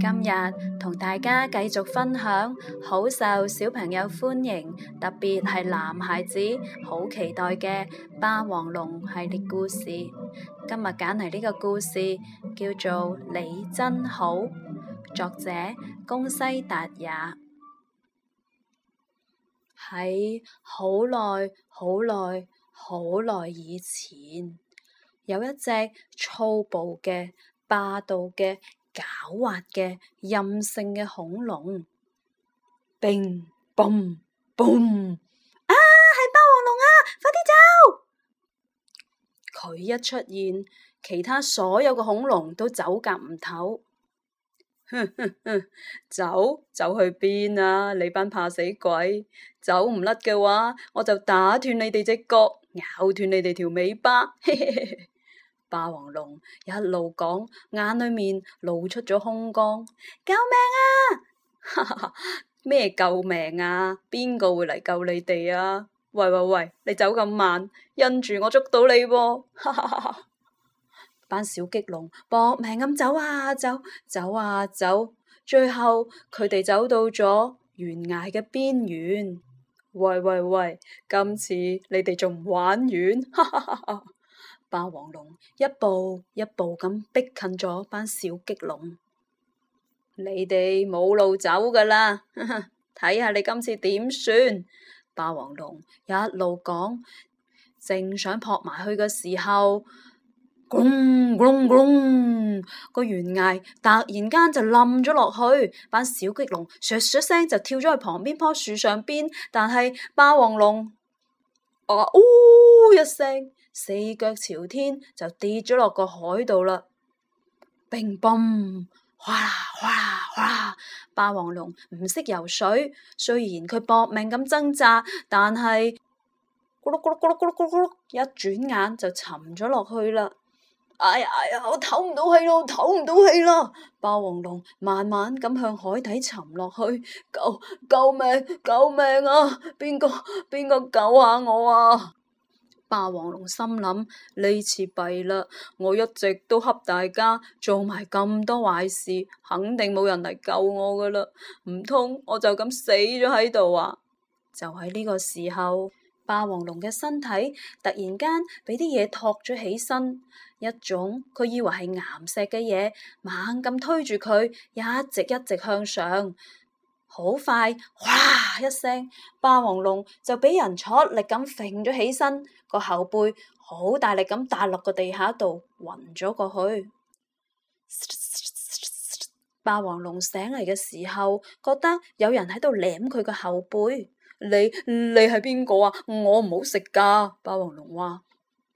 今日同大家繼續分享好受小朋友歡迎，特別係男孩子好期待嘅霸王龍系列故事。今日揀嚟呢個故事叫做《你真好》，作者宮西達也。喺好耐、好耐、好耐以前，有一隻粗暴嘅、霸道嘅。狡猾嘅，任性嘅恐龍 b i n 啊，係霸王龍啊！快啲走！佢一出現，其他所有嘅恐龍都走夾唔唞。哼哼哼，走走去邊啊？你班怕死鬼，走唔甩嘅話，我就打斷你哋隻角，咬斷你哋條尾巴。 霸王龍一路講，眼裏面露出咗凶光。救命啊！咩 救命啊？邊個會嚟救你哋啊？喂喂喂！你走咁慢，因住我捉到你噃！啊！ 班小激龍搏命咁走啊走走啊走，最後佢哋走到咗懸崖嘅邊緣。 喂喂喂！今次你哋仲唔玩完？ 霸王龍一步一步咁逼近咗班小激龍，你哋冇路走噶啦！睇 下你今次點算？霸王龍一路講，正想撲埋去嘅時候，轟轟轟！個懸崖突然間就冧咗落去，班小激龍唰唰聲就跳咗去旁邊棵樹上邊，但係霸王龍，我、啊、嗚、哦、一聲。四腳朝天就跌咗落個海度啦！乒乓嘩啦嘩啦嘩啦！霸王龍唔識游水，雖然佢搏命咁掙扎，但係咕嚕咕嚕咕嚕咕嚕咕嚕，一轉眼就沉咗落去啦！哎呀哎呀，我唞唔到氣咯，唞唔到氣咯！霸王龍慢慢咁向海底沉落去，救救命救命啊！邊個邊個救下我啊！霸王龍心諗，呢次弊嘞，我一直都恰大家做埋咁多壞事，肯定冇人嚟救我噶啦，唔通我就咁死咗喺度啊？就喺呢個時候，霸王龍嘅身體突然間俾啲嘢托咗起身，一種佢以為係岩石嘅嘢猛咁推住佢，一直一直向上。好快，嘩一聲，霸王龍就俾人出力咁揈咗起身，個後背好大力咁打落個地下度，暈咗過去噓噓噓噓噓。霸王龍醒嚟嘅時候，覺得有人喺度舐佢個後背。你，你係邊個啊？我唔好食噶。霸王龍話：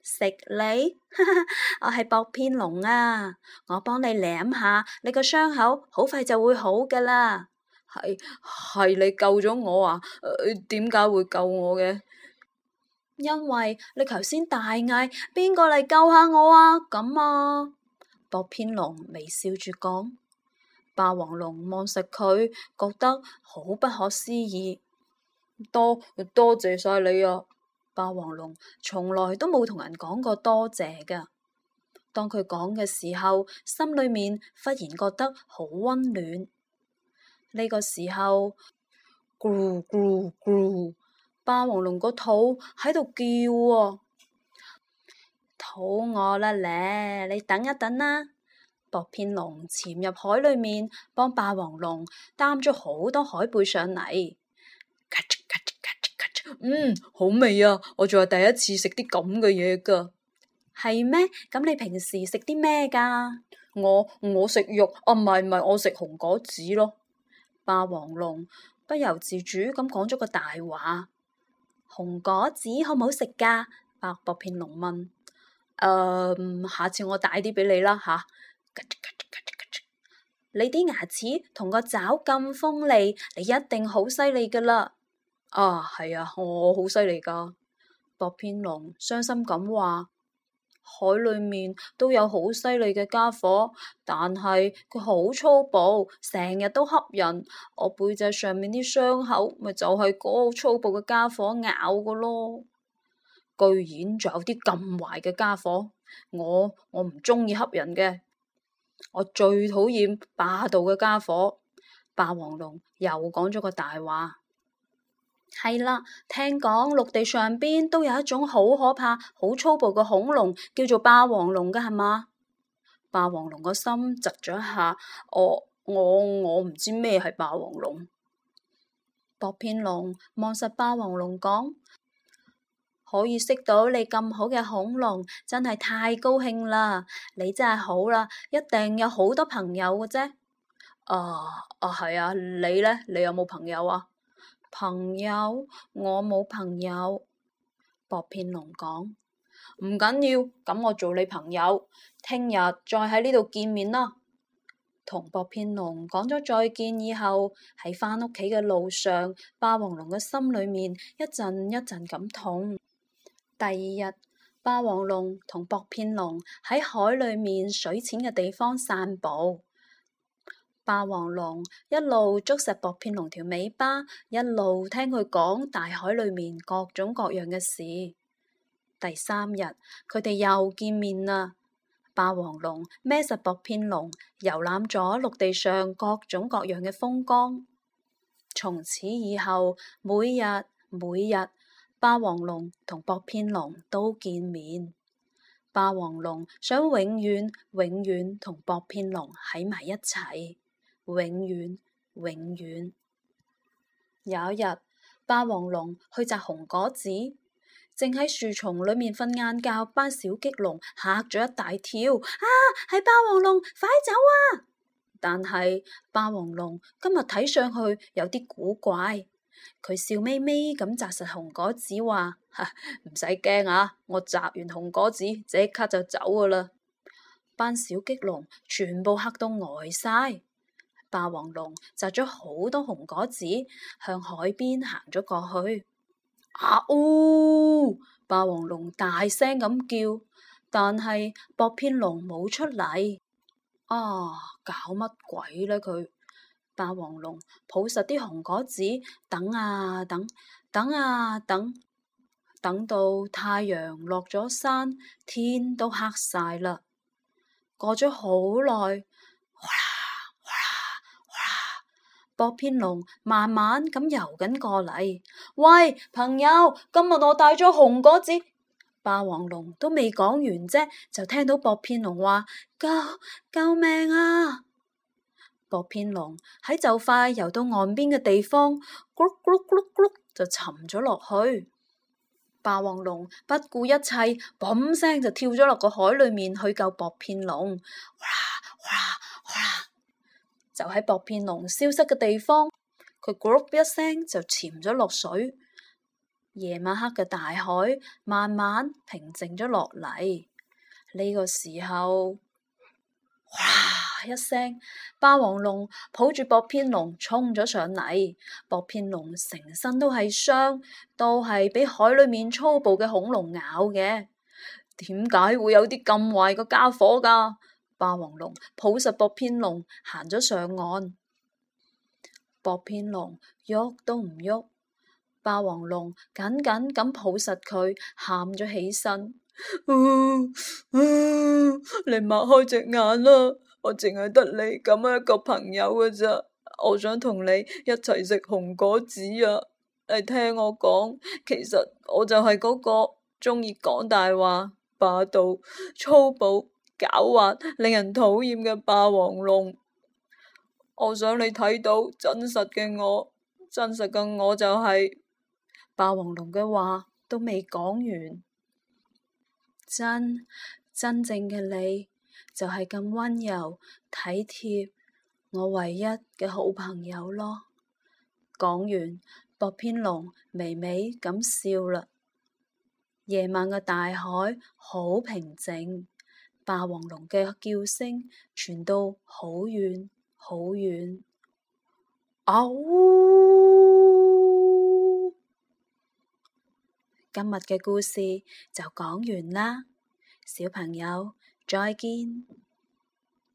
食吃你， 我係薄片龍啊！我幫你舐下，你個傷口好快就會好噶啦。係，係你救咗我啊？呃、點解會救我嘅？因為你頭先大嗌，邊個嚟救下我啊？咁啊！薄片龍微笑住講，霸王龍望實佢，覺得好不可思議。多多謝晒你啊！霸王龍從來都冇同人講過多謝㗎。當佢講嘅時候，心裏面忽然覺得好溫暖。呢個時候，咕咕咕，霸王龍個肚喺度叫喎。啊，肚餓啦咧，你等一等啦，啊。薄片龍潛入海裏面，幫霸王龍擔咗好多海貝上嚟。嗯，好味啊！我仲係第一次食啲咁嘅嘢噶，係咩？咁你平時食啲咩噶？我我食肉，啊唔係唔係，我食紅果子咯。霸王龍不由自主咁講咗個大話。紅果子好唔好食噶？白薄，薄片龍問。誒、嗯，下次我帶啲俾你啦吓。咳咳咳咳咳咳，你啲牙齒同個爪咁鋒利，你一定好犀利噶啦。啊，係啊，我、哦、好犀利噶。薄片龍傷心咁話。海裏面都有好犀利嘅家伙，但係佢好粗暴，成日都恰人。我背脊上面啲傷口，咪就係嗰個粗暴嘅家伙咬嘅咯。居然仲有啲咁壞嘅家伙，我我唔中意恰人嘅，我最討厭霸道嘅家伙。霸王龍又講咗個大話。係啦，聽講陸地上邊都有一種好可怕、好粗暴嘅恐龍，叫做霸王龍嘅係嘛？霸王龍個心窒咗一下，我我我唔知咩係霸王龍。薄片龍望實霸王龍講，可以識到你咁好嘅恐龍，真係太高興啦！你真係好啦，一定有好多朋友嘅啫。啊，啊啊係啊，你呢？你有冇朋友啊？朋友，我冇朋友。薄片龍講，唔緊要，咁我做你朋友，聽日再喺呢度見面啦。同薄片龍講咗再見以後，喺返屋企嘅路上，霸王龍嘅心裏面一陣一陣咁痛。第二日，霸王龍同薄片龍喺海裏面水淺嘅地方散步。霸王龍一路捉實薄片龍條尾巴，一路聽佢講大海裏面各種各樣嘅事。第三日，佢哋又見面啦。霸王龍孭實薄片龍，遊覽咗陸地上各種各樣嘅風光。從此以後，每日每日，霸王龍同薄片龍都見面。霸王龍想永遠永遠同薄片龍喺埋一齊。永遠，永遠。有一日，霸王龍去摘紅果子，正喺樹叢裏面瞓晏覺，班小激龍嚇咗一大跳。啊，係霸王龍，快走啊！但係霸王龍今日睇上去有啲古怪，佢笑眯眯咁摘實紅果子，話哈，唔使驚啊，我摘完紅果子即刻就走噶啦。班小激龍全部嚇到呆晒。霸王龍摘咗好多紅果子，向海邊行咗過去。啊哦！霸王龍大聲咁叫，但係薄片龍冇出嚟。啊，搞乜鬼呢、啊？佢霸王龍抱實啲紅果子，等啊等，等啊等，等到太陽落咗山，天都黑晒啦。過咗好耐。哇薄片龍慢慢咁游緊過嚟，喂朋友，今日我帶咗紅果子。霸王龍都未講完啫，就聽到薄片龍話：救救命啊！薄片龍喺就快游到岸邊嘅地方，咕嚕咕嚕咕嚕，嚕，嚕，嚕，嚕，嚕就沉咗落去。霸王龍不顧一切，嘣聲就跳咗落個海裏面去救薄片龍。就喺薄片龍消失嘅地方，佢咕碌一聲就潛咗落水。夜晚黑嘅大海慢慢平靜咗落嚟。呢個時候，嘩一聲，霸王龍抱住薄片龍衝咗上嚟。薄片龍成身都係傷，都係俾海裏面粗暴嘅恐龍咬嘅。點解會有啲咁壞嘅家伙噶？霸王龍抱實薄片龍，行咗上岸。薄片龍喐都唔喐，霸王龍緊緊咁抱實佢，喊咗起身、呃呃。你擘開隻眼啦，我淨係得你咁樣一個朋友㗎咋。我想同你一齊食紅果子啊！你聽我講，其實我就係嗰個鍾意講大話、霸道、粗暴。狡猾、令人討厭嘅霸王龍，我想你睇到真實嘅我，真實嘅我就係、是、霸王龍嘅話都未講完，真真正嘅你就係咁温柔體貼，我唯一嘅好朋友咯。講完，薄片龍微微咁笑啦。夜晚嘅大海好平靜。霸王龍嘅叫聲傳到好遠好遠，啊嗚！今日嘅故事就講完啦，小朋友，再見。